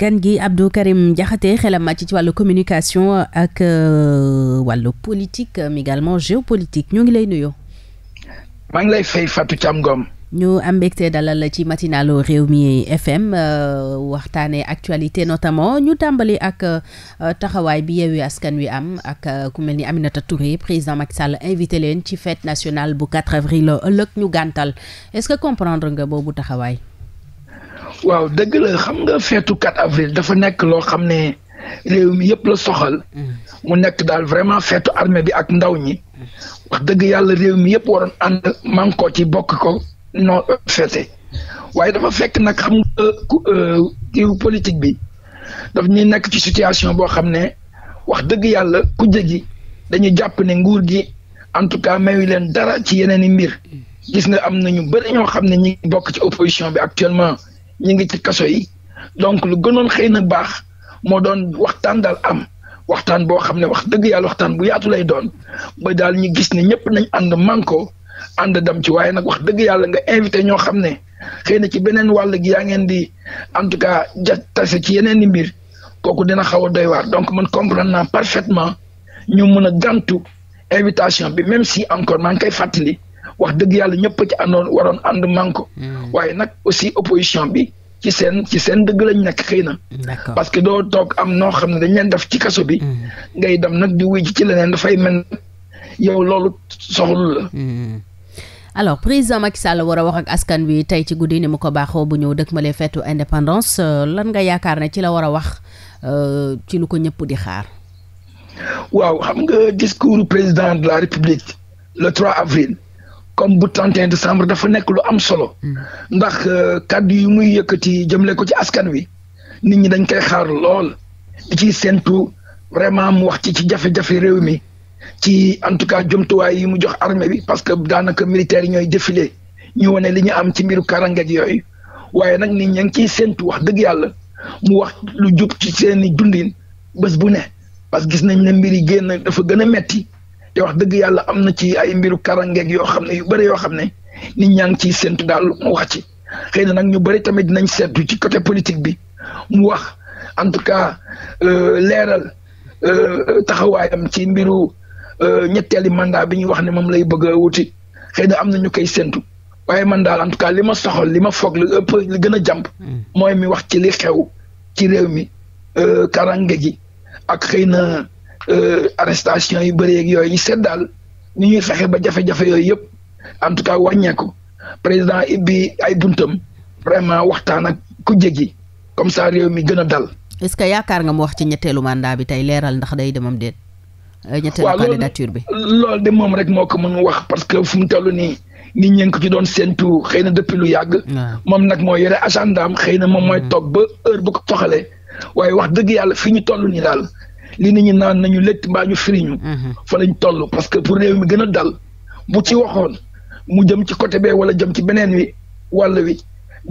gan gi Abdou Karim Diakhaté xelam màcc ci wàllu communication ak euh, wàllu politique euh, mais également géopolitique ñu ngi lay nuyoo. maa ngi lay fay Fatou Thiam Ngom. ñu am mbégte dalal ci matinalu Rewmi FM euh, waxtaanee actualité notamment ñu tàmbali ak taxawaay bi yi Askan Wi am ak ku mel ni Aminata Touré président Macky Sall invité leen ci fête nationale bu 4 avril ëllëg ñu gàntal est-ce que comprendre nga boobu taxawaay. waaw dëgg la xam nga feetu 4 avril dafa nekk loo xam ne réew mi yëpp la soxal. Mm. mu nekk daal vraiment feetu armée bi ak ndaw ñi. wax dëgg yàlla réew mi yëpp waroon ànd man ko ci bokk ko noo feete waaye dafa fekk nag xam nga euh, kii politique bi daf ñu nekk ci situation boo xam ne wax dëgg yàlla ku gi dañu jàpp ne nguur gi en tout cas mayu leen dara ci yeneen i mbir mm. gis nga am na ñu bëri ñoo xam ne ñi bokk ci opposition bi actuellement ñu ngi ci kaso yi donc lu gënoon xëy na baax moo doon waxtaan daal am waxtaan boo xam ne wax dëgg yàlla waxtaan bu yaatu lay doon ba daal ñu gis ne ñëpp nañ ànd manko ànd dam ci waaye nag wax dëgg yàlla nga invité ñoo xam ne xëy na ci beneen wàll gi yaa ngeen di en tout cas ja tase ci yeneen i mbir kooku dina xaw a doy waar donc mën comprendre naa parfaitement ñu mën a gàntu invitation bi même si encore maa ngi koy fàttali wax dëgg yàlla ñëpp ci àndoon waroon ànd manko hmm. waaye nag aussi opposition bi ci seen ci seen dëgg lañu nekk xëy na. parce que doo toog am noo xam ne dañ leen def ci kaso bi. Hmm. ngay dem nag di wuy ci leneen dafay mel yow loolu soxlu la. Hmm. alors président Macky Sall war a wax ak askan wi tey ci guddi ni mu ko baaxoo bu ñëw dëkk ma lee feetu indépendance euh, lan nga yaakaar ne ci la war a wax euh, ci lu ko ñëpp di xaar. waaw xam nga discours président de la république le 3 avril. comme bu 31 décembre dafa nekk lu am solo hmm. ndax euh, kàddu yi muy yëkkati jëmle ko ci askan wi nit ñi dañ koy xaar lool di séentu vraiment mu wax ci ci jafe réew mi ci en tout cas jumtuwaay yi mu jox armée bi parce que daanaka militaires yi ñooy défilé ñu wane li ñu am ci mbiru karangeeg yooyu waaye nag nit ña ngi ciy séentu wax dëgg yàlla mu wax lu jub ci seeni dundin bës bu ne parce que gis nañ ne mbir yi génn dafa gën a metti te wax dëgg yàlla am na ci ay mbiru karangeeg yoo xam ne yu bëri yoo xam ne nit ñaa ngi ciy séntu daal mu wax ci xëy na nag ñu bëri tamit dinañ seetlu ci côté politique bi mu wax en tout cas euh, leeral euh, taxawaayam ci mbiru euh, ñetteeli mandat bi ñu wax ne moom lay bëgg a wuti xëy na am na ñu koy séntu waaye man daal en tout cas li ma soxol li ma foog li ëpp gën a jàmp hmm. mooy mi wax ci li xew ci réew mi karange gi ak xëy na Euh, arrestation yu bëri yeeg yooyu ñu seet daal ni ñuy fexe ba jafe-jafe yooyu yëpp en tout cas wàññeeku président ibbi ay buntam vraiment waxtaan ak ku jéggi comme sa réew mi gën a dal. est-ce que yaakaar nga mu wax ci ñetteelu mandat bi tey leeral ndax day demam déet. Euh, ñetteelu candidature bi loolu de moom rek moo ko mën wax parce que fu mu toll nii nit ñi ko ci doon séentu xëy na depuis lu yàgg. moom nag moo yore agendaam xëy na moom mooy mm. toog ba heure bu ko toxalee waaye wax dëgg yàlla fi ñu toll nii li nit ñi naan nañu létt mbaa ñu firiñu mhm. fa lañ toll parce que pour réew mi gën a dal bu ci waxoon mu jëm ci côté bee wala jëm ci beneen wi wàll wi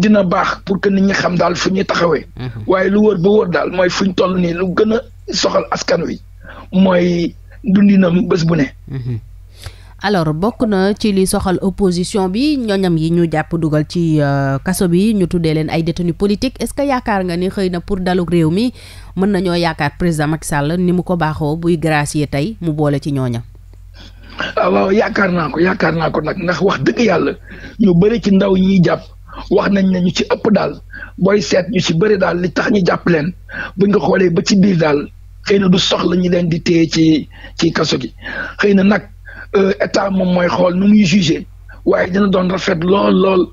dina baax pour que nit ñi xam daal fu ñuy taxawee mhm. waaye lu wër ba wër daal mooy fu ñu toll nii lu gën a soxal askan wi mooy dundinam bës bu ne mhm. alors bokk na ci li soxal opposition bi ñoñam yi ñu jàpp dugal ci euh, kaso bi ñu tuddee leen ay détenus politiques est-ce que yaakaar nga ni xëy na pour dalug réew mi mën nañoo yaakaar président Macky Sall ni mu ko baaxoo buy gracier tey mu boole ci ñooñam. Ah, waaw yaakaar naa ko yaakaar naa ko nag ndax wax dëgg yàlla ñu bëri ci ndaw ñiy jàpp wax nañ ne ñu ci ëpp daal booy seet ñu ci bëri daal li tax ñu jàpp leen buñ ko xoolee ba ci biir daal xëy na du soxla ñu leen di téye ci ci kaso gi xëy na nag. Euh, état moom mooy xool nu muy jugé waaye dina doon rafet lool lool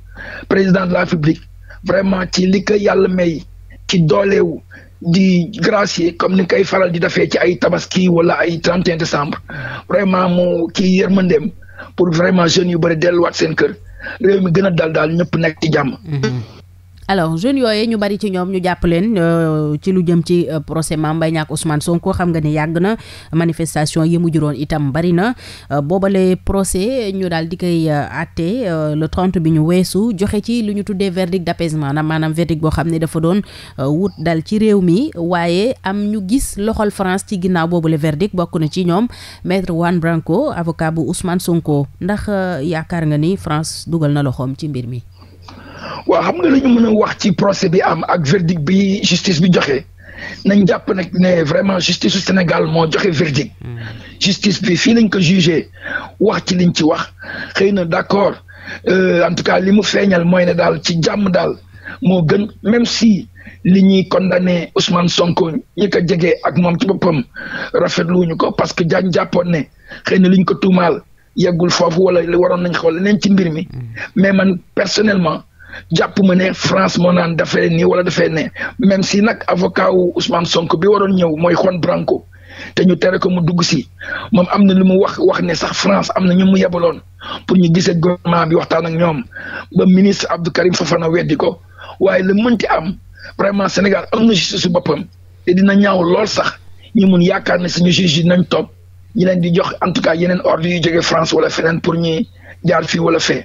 président de la République vraiment ci li ko yàlla may ci dooleewu di gracier comme ni koy faral di defee ci ay tabaski wala ay 31 décembre vraiment moo kii yërmandeem pour vraiment jeunes yu bëri delluwaat seen kër réew mi gën a dal daal ñëpp nekk ci jàmm. Mm-hmm. alors jeunes yooyu ñu bari ci ñoom ñu jàpp leen euh, ci lu jëm ci euh, procès Mame Mbaye Niang Ousmane Sonko xam nga ni yàgg na manifestation yi mu juróon itam bari na euh, boobale procès ñu daal di koy àtte le 30 bi ñu weesu joxe ci lu ñu tuddee verdict d'apaisement na maanaam verdict boo xam ne dafa doon wut dal ci réew mi waaye am ñu gis loxol France ci ginnaaw boobale verdict bokk na ci ñoom maitre Juan Branco avocat bu Ousmane Sonko ndax yaakaar nga ni France dugal na loxoom ci mbir mi waaw xam nga li ñu mën a wax ci procès bi am ak verdict bi justice bi joxe nañ jàpp nag ne vraiment justice su Sénégal moo joxe verdict hmm. justice bi fii lañ ko jugé wax ci liñ ci wax xëy na d'accord euh, en tout cas li mu feeñal mooy ne daal ci jàmm daal moo gën même si li ñuy condamné Ousmane Sonko ñi ko jege ak moom ci boppam rafetluwuñu ko parce que jaañ jàppoon ne xëy na liñ ko tuumaal yeggul foofu wala li waroon nañ xool leneen ci mbir mi hmm. mais man personnellement. jàpp ma ne France moo naan dafee nii wala dafee ne même si nag avocat usmaan sonk bi waroon ñëw mooy Juan Branco te ñu tere ko mu dugg si moom am na lu mu wax wax ne sax France am na ñu mu yebaloon pour ñu gisee gouvernement bi waxtaan ak ñoom ba ministre Abdou Karim Fofana weddi ko waaye la mënti am vraiment Sénégal am na justice su boppam di na ñaaw lool sax ñu mun yaakaar ne suñu juge yi nañ topp ñu leen di jox en tout cas yeneen ordre yu jógee France wala feneen pour ñi jaar fii wala fee.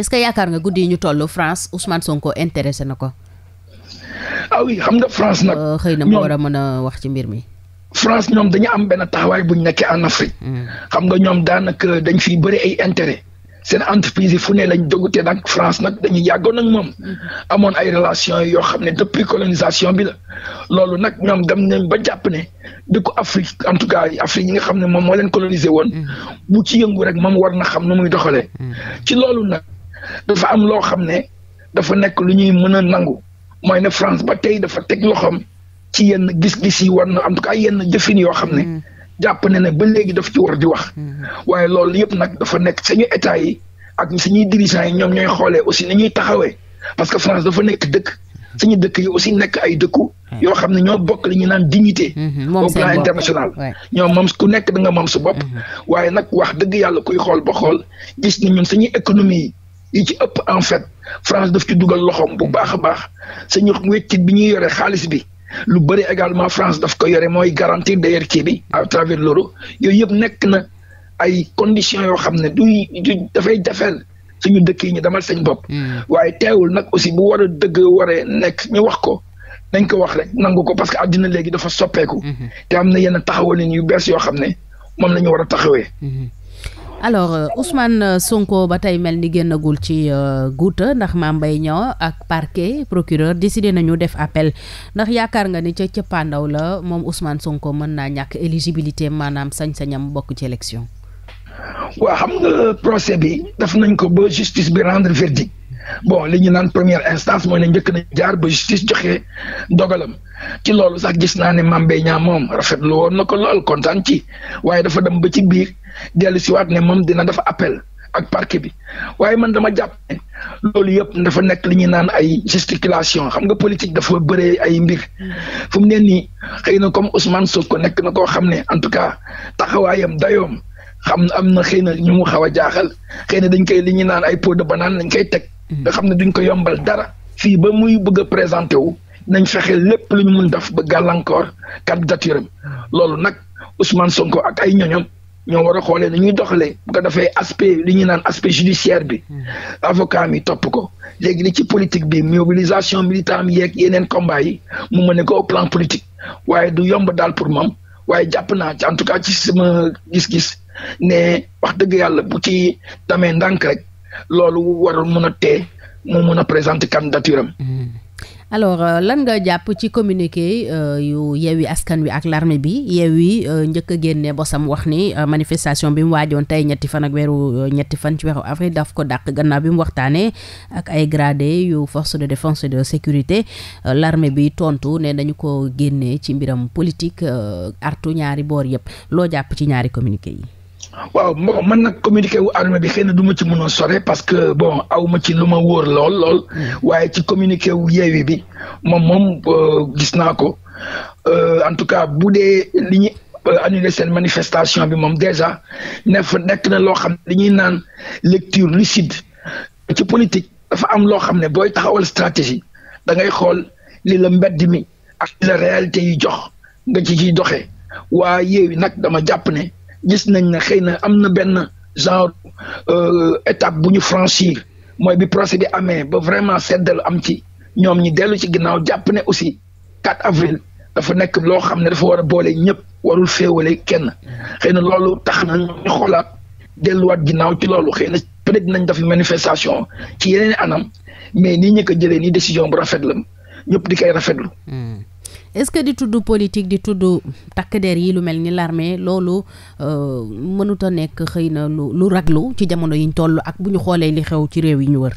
est-ce que yaakaar nga guddi yi ñu toll France Ousmane Sonko intéressé na ko. ah oui xam nga France nag. Euh, xëy na mu war a mën a wax ci mbir mi. France ñoom dañu am benn taxawaay bu ñu nekkee en Afrique. Hmm. xam nga ñoom daanaka dañ fiy bëri ay intérêt. seen entreprise yi fu ne lañ dogutee nag France nag dañu yàggoon ak moom hmm. amoon ay relation yoo xam ne dëpp colonisation bi la loolu nag ñoom dem nañ ba jàpp ne di ko Afrique en tout cas Afrique yi nga xam ne moom moo leen colonisé woon hmm. bu ci yëngu rek moom war na xam ne muy doxalee ci loolu nag dafa am loo xam ne dafa nekk lu ñuy mën a nangu mooy ne France ba tey dafa teg loxoom ci yenn gis-gis yi war na en tout cas yenn jëfin yoo xam ne mm. jàpp ne ne ba léegi daf ci war di wax mm. waaye loolu yëpp nag dafa nekk sañu état yi ak suñuy dirigeants yi ñoom ñooy xoolee aussi ni ñuy taxawee parce que France dafa nekk dëkk suñu dëkk yi aussi nekk ay dëkku mm. yoo xam ne ñoo bokk li ñu naan dignité mm-hmm. au plan international ñoom moom ku nekk da nga moom su bopp mm-hmm. waaye nag wax dëgg yàlla kuy xool ba xool gis ni ñun suñuy économie yi yi ci ëpp en fait France daf ci dugal loxoom bu baax a baax sañu weccit bi ñuy yore xaalis bi lu bëri également France daf ko yore mooy de derrière kii bi à travers l'euro yooyu yëpp nekk na ay conditions yoo xam ne du dafay jafeel suñu dëkk yi ñu demal seen bopp. Hmm. waaye teewul nag aussi bu war a dëgg waree nekk ñu wax ko nañ ko wax rek nangu ko parce que àddina léegi dafa soppeeku. Hmm. te am na yenn taxawalin yu bees yoo xam ne moom la war a taxawee. Hmm. alors euh, Ousmane euh, Sonko ba tey mel ni génnagul ci euh, guuta ndax Mame Mbaye Niang ak parquet procureur décidé nañu def appel ndax yaakaar nga ni ca cëppaandaw la moom usmaan Sonko mën naa ñàkk éligibilité maanaam sañ-sañam bokk ci élection. waaw xam nga procès bi def nañ ko ba justice bi rendre verdict bon li ñu naan première instance mooy ne njëkk na jaar ba justice joxe dogalam ci loolu sax gis naa ne Mame Mbaye Niang moom rafetlu woon na ko lool kontaan ci waaye dafa dem ba ci biir dellu siwaat ne moom dina dafa appel ak parquet bi waaye man dama jàpp ne loolu yëpp dafa nekk li ñuy naan ay gesticulation xam nga politique dafa bëree ay mbir fu ne nii xëy na comme Ousmane ko nekk na koo xam ne en tout cas taxawaayam dayoom xam na am na xëy na ñu mu xaw a jaaxal xëy na dañ koy li ñuy naan ay peau banaan banane lañ koy teg. nga xam ne duñ ko yombal dara. fii ba muy bëgg a présenté wu nañ fexe lépp lu ñu mun def ba gàllankoor candidature am loolu nag Ousmane Sonko ak ay ñoñom ñoo war a xoolee ni ñuy doxalee bu ko defee aspect li ñuy naan aspect judiciaire bi hmm. avocat mi topp ko léegi li ci politique bi mobilisation militant mi yeeg yeneen combat yi mu mën ne ko plan politique waaye du yomb daal pour moom waaye jàpp naa ci en tout cas ci sama gis-gis. ne wax dëgg yàlla bu ci damee ndànk rek loolu war mun a tee mu mun a présenter candidature am. Hmm. alors euh, lan nga jàpp ci communiqué euh, yu Yewwi Askan Wi ak larme bi Yewwi euh, njëkk a génne bosam wax ni euh, manifestation bi mu waajoon tey ñetti fan ak weeru euh, ñetti fan ci weeru avril daf ko dàq gannaaw bi mu waxtaanee ak ay grade yu force de défense et de sécurité l'armée bi tontu ne nañu ko génnee ci mbiram politique artu ñaari boor yëpp loo jàpp ci ñaari communiqué yi. waaw bon man nag communiqué wu armée bi xëy na du ma ci mën a sore parce que bon aw ma ci lu ma wóor lool lool mm. waaye ci communiqué wu yeewi bi moom moom euh, gis naa ko euh, en tout cas bu dee li ñu euh, annulé seen manifestation bi moom déjà ne nekk na loo xam ne dañuy naan lecture lucide ci politique dafa am loo xam ne booy taxawal stratégie da ngay xool li la mbedd mi ak li la réalité yi jox nga ci ci doxe waa yeewi nag dama jàpp ne. gis nañ ne xëy na am na benn genre euh, étape bu ñu franchir mooy bi procès bi amee ba vraiment seddal am ci ñoom ñi dellu ci ginnaaw jàpp ne aussi 4 avril dafa nekk loo xam ne dafa war a boole ñëpp warul féewale kenn xëy na loolu tax na ñu xoolaat delluwaat ginnaaw ci loolu xëy na peut-être dinañ def manifestation ci yeneen anam mais ni ñu ko jëlee nii décision bu rafet la ñëpp di koy rafetlu. Hmm. est-ce que di tudd politique di tudd takk der yi lu mel ni l'armée loolu euh, mënut a nekk xëy na lu lu ci jamono yiñ toll ak bu ñu xoolee li xew ci réew yi ñu wër.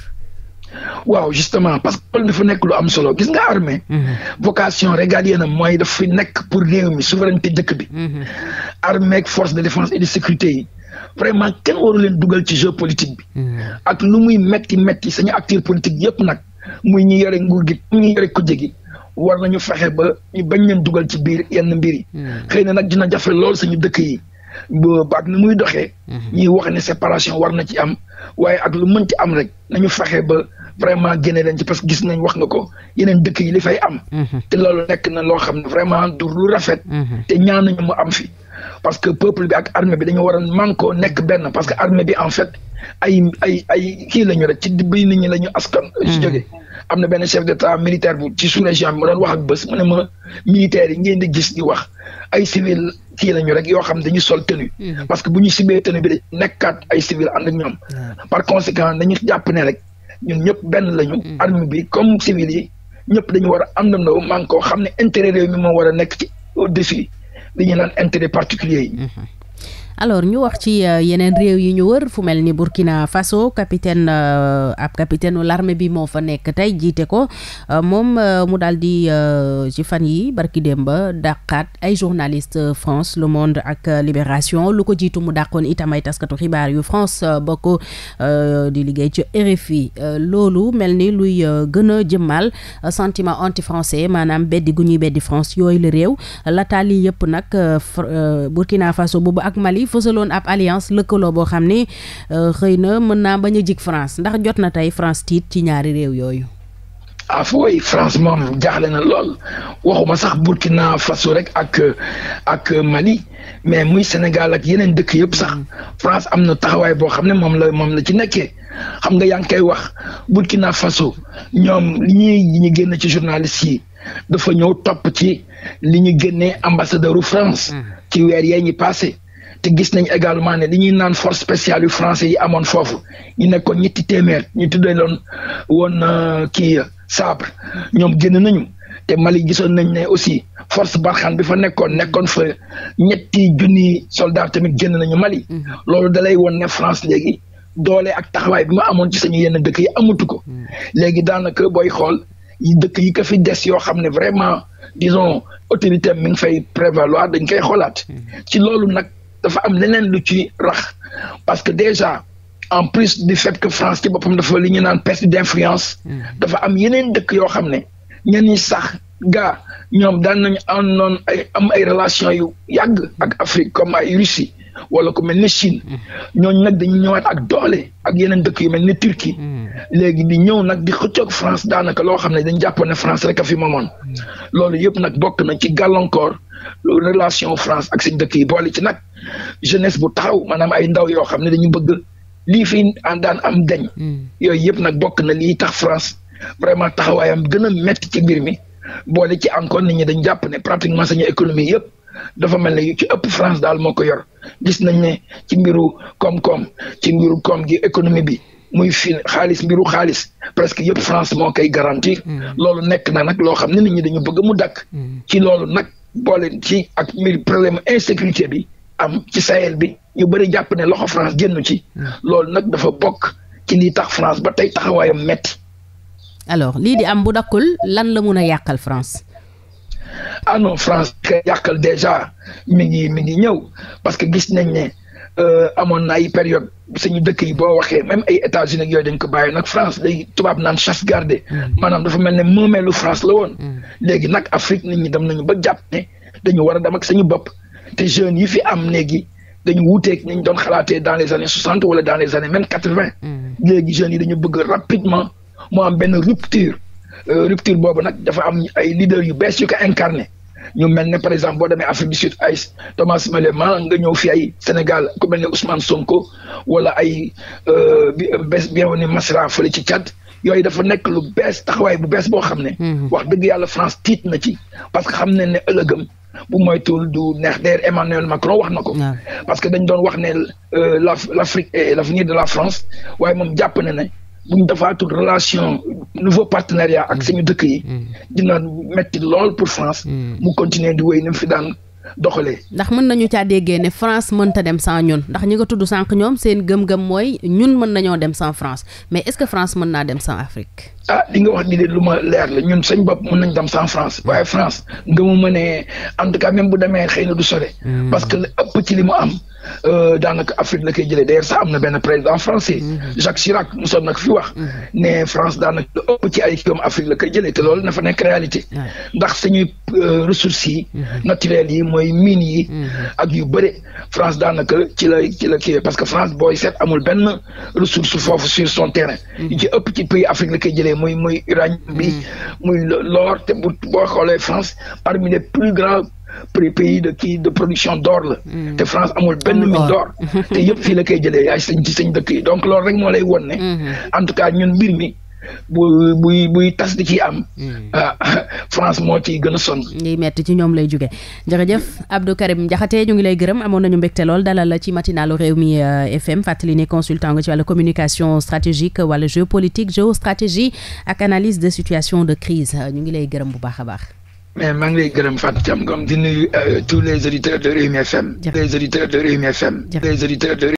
waaw justement parce que loolu dafa nekk lu am solo gis nga armée mhm. vocation régalienne mooy daf fi nekk pour réew mi souveraineté dëkk bi. Mhm. armée ak force de défense et de sécurité yi. vraiment kenn waru leen dugal ci jeu bi. Mhm. ak lu muy metti metti sañu acteur politique yépp nag muy ñu yore nguur gi war nañu fexe ba ñu bañ leen dugal ci biir yenn mbir yi. Hmm. xëy na nag dina jafe loolu sañu dëkk yi ba baat ni muy doxee. Hmm. ñuy wax ne séparation war na ci am waaye ak lu mënti am rek nañu faxe ba vraiment génne leen ci parce que gis nañ wax nga ko yeneen dëkk yi li fay am. Hmm. te loolu nekk na loo xam ne vraiment du lu rafet. te ñaan nañu mu am fi. parce que peuple bi ak armée bi dañu war a mànkoo nekk benn parce que armée bi en fait ay ay ay kii la ñu rek ci biir nit ñi la ñu askan. su jógee. am na benn chef d'état militaire bu ci sous-région bi ma doon wax ak bés mu ne ma militaires yi ngeen di gis di wax ay civil kii lañu rek yoo xam ne dañu sol tenue mhm. parce que bu ñu sibee tenue bi nekkaat ay civil ànd ak ñoom par conséquent dañu jàpp ne rek ñun ñëpp benn lañu mhm. armée bi comme civil yi ñëpp dañu war a àndandoo maa ngi xam ne intérêt réew mi moo war a nekk ci au-dessus li ñu naan intérêt particulier yi mhm. alors ñu wax ci euh, yeneen réew yi ñu wër fu mel ni Burkina Faso capitaine euh, ab capitaine u l'armée bi moo fa nekk tey jiite ko euh, moom mu daal di ci fan yi barki démba dàqaat ay journaliste France Le Monde ak Libération lu ko jiitu mu dàqoon itam ay taskatu xibaar yu France bokk di liggéey ci RFI loolu mel ni luy gën a jëmmal sentiment anti francais maanaam beddi gu ñuy beddi France yooyu la réew lataali yëpp nag Burkina Faso boobu ak Mali yi fësaloon ab alliance lëkkaloo boo xam ne euh, xëy na mën naa bañ a jig France ndax jot na tey France tiit ci ñaari réew yooyu. ah fooy France moom jaaxle na lool waxuma sax Burkina Faso rek ak ak Mali mais muy Sénégal ak yeneen dëkk yëpp sax mm. France am na taxawaay boo xam ne moom la moom la ci nekkee xam nga yaa ngi koy wax Burkina Faso ñoom li ñuy ñu génn ci journaliste yi dafa ñëw topp ci li ñu génnee ambassadeur u France mm. ci weer yee ñi passé te gis nañ également ne li ñuy naan force spéciale yu français yi amoon foofu ñu nekkoon ñetti téeméer ñu tuddee loon woon euh, kii sabre ñoom génn nañu te Mali gisoon nañ ne aussi force Barkhane bi fa nekkoon nekkoon fa ñetti junni soldat tamit génn nañu Mali mm-hmm. loolu dalay woon ne France léegi doole ak taxawaay bi ma amoon ci sañu yenn dëkk yi amatu ko mm-hmm. léegi daanaka booy xool dëkk yi ko fi des yoo xam ne vraiment disons autorité mi ngi fay prévaloir dañ koy xoolaat mm-hmm. ci loolu nag dafa am leneen lu ci rax parce que déjà en plus di fait que France ci boppam dafa li ñu naan perte d'influence hmm. dafa am yeneen dëkk yoo xam ne ñenn sax ga ñoom daan nañu am noonu ay am ay relations yu yàgg ak Afrique comme ay Russie wala ku mel ne Chine hmm. ñooñu nag dañu ñëwaat ak doole ak yeneen dëkk yu mel ne Turquie hmm. léegi di ñëw nag di xëccoog France daanaka loo xam ne dañ jàppoon ne France rek a fi moomoon loolu yëpp nag bokk na ci gàllankoor relation France ak seen dëkk yi boole ci nag jeunesse bu taxaw maanaam ay ndaw yoo xam ne dañu bëgg lii fi en daan am dañ. Hmm. yooyu yëpp nag bokk na lii tax France vraiment taxawaayam gën a métti ci mbir mi boole ci encore nit ñi dañ jàpp ne pratiquement sañu économie yëpp dafa mel ne yu ci ëpp France daal moo ko yor gis nañ ne ci mbiru koom-koom ci mbiru koom gi économie bi. muy fi xaalis mbiru xaalis presque yëpp France moo koy garantir. Hmm. loolu nekk naa nag loo xam ne nit ñi dañu bëgg mu dakk. Hmm. ci loolu nag boole ci ak mbir problème insécurité bi am ci Sahel bi ñu bari jàpp ne loxo France génn ci hmm. loolu nag dafa bokk ci ni tax France ba tey taxawaayam metti alors lii di am bu dakkul lan la mun a yàqal France ah non France ka yàqal déjà mi ngi mi ngi ñëw parce que gis nañ ne euh, amoon na ay période suñu dëkk yi boo waxee même ay États-Unis ak yooyu dañ ko bàyyi nag France léegi tubaab naan chasse gardée hmm. maanaam dafa mel ne moomeelu France la woon hmm. léegi nag Afrique nit ñi dem nañu ba jàpp ne dañu war a dem ak suñu bopp te jeunes yi fi am néegi dañu wuuteeg ni ñu doon xalaatee dans les années soixante wala dans les années même quatre vingt. Mm. léegi jeune yi dañu bëgg rapidement mu am benn rupture euh, rupture boobu nag dafa am ay leaders yu bees yu ko incarné ñu mel ne par exemple boo demee Afrique du Sud ay Thomas Méléman nga ñëw fi ay Sénégal ku mel ne Ousmane Sonko wala ay euh, bi euh, bees bi nga Masra fële ci Tchad. yooyu dafa nekk lu bees taxawaay bu bees boo xam ne. Mm. wax dëgg yàlla France tiit na ci parce que xam ne ne ëllëgëm bu moytul du neex der Emmanuel Macron wax na ko. parce que dañ doon wax ne euh, la l' Afrique l' avenir de la France waaye moom jàpp na ne bu ñu defaatul relation nouveau partenariat ak mm. suñu dëkk yi. Mm. dina metti lool pour France. Mm. mu continuer du wéy ni mu daan. doxalee. ndax mën nañu caa déggee ne France mënta dem san ñun ndax ñi nga tudd sànq ñoom seen gëm-gëm mooy ñun mën nañoo dem sans France mais est-ce que France mën naa dem san Afrique. ah li nga wax ni de lu ma leer la ñun sañ bopp mën nañ dem sans France waaye France nga mu mënee en tout cas même bu demee xëy na du sore. Hmm. parce que li ëpp ci li mu am. Euh, daanaka Afrique la koy jëlee d'ailleurs sax am na benn président français mhm. Jacques Chirac mosoon nag fi wax mhm. ne France daanaka lu ëpp ci ay kiom Afrique la koy jëlee te loolu na fa nekk réalité ndax suñuy euh, ressources yi mhm. naturelles yi mooy mines yi ak yu bëri France daanaka ci la ci la kii parce que France booy set amul benn ressource foofu sur son terrain yu ci ëpp ci pays Afrique la koy jëlee muy muy uranium bi muy l'or te bu boo xoolee France parmi les plus grands pays de kii de production d'or la mm. te France amul benn mine d'or te yëpp fii la koy jëlee yaay sëñ ci sëñ dëkk yi donc loolu rek moo lay won ne mm-hmm. en tout cas ñun mbir mi bu buy buy tas di ci am. Mm. Ah, France moo ci gën a sonn. ñuy metti ci ñoom lay jóge jërëjëf Abdou Karim Diakhaté ñu ngi lay gërëm amoon nañu mbégte lool dalal la ci matinalu réew mi euh, FM fàttali ne consultant nga ci wàllu communication stratégique wala géopolitique géostratégie ak analyse de situation de crise ñu ngi lay gërëm bu baax a baax. mais maa ngi lay gërëm Fatou Thiam Ngom di nuyu euh, tous les auditeurs de Rewmi FM. les auditeurs de Rewmi FM. les auditeurs de